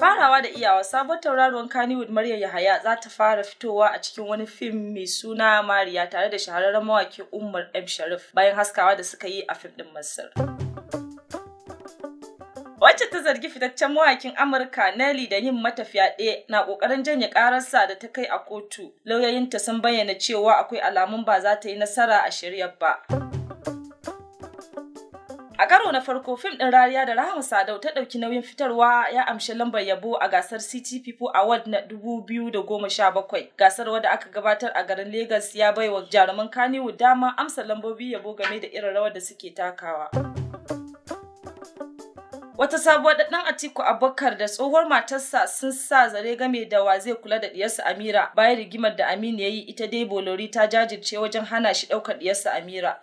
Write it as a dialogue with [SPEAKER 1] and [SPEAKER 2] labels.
[SPEAKER 1] Farawa da iyawa sabon tauraron Kannywood Maryam Yahaya za ta fara fitowa a cikin wani fim mai suna Mariya tare da shahararren mawaki Umar M Sharif bayan haskawa da suka yi a fim din Masar. wacce ta zargi fitaccen mawakin Amurka Nelly da yin matafiya ɗaya na ƙoƙarin janye ƙararsa da ta kai a kotu. Lauyoyinta sun bayyana cewa akwai alamun ba za ta yi nasara a shirya ba. A karo na farko fim ɗin rariya da Rahama Sadau ta ɗauki nauyin fitarwa ya amshi lambar yabo a gasar City People Award na 2017. Gasar wadda aka gabatar a garin Legas ya baiwa jaruman Kaniwu dama amsa lambobi yabo game da irin rawar da suke takawa. wata sabuwar ɗan Atiku Abubakar da tsohuwar matarsa sun sa zare game da wa zai kula da diyarsa Amira bayan rigimar da Aminu ya yi ita dai Bolori ta jajirce wajen hana shi ɗaukar diyarsa Amira.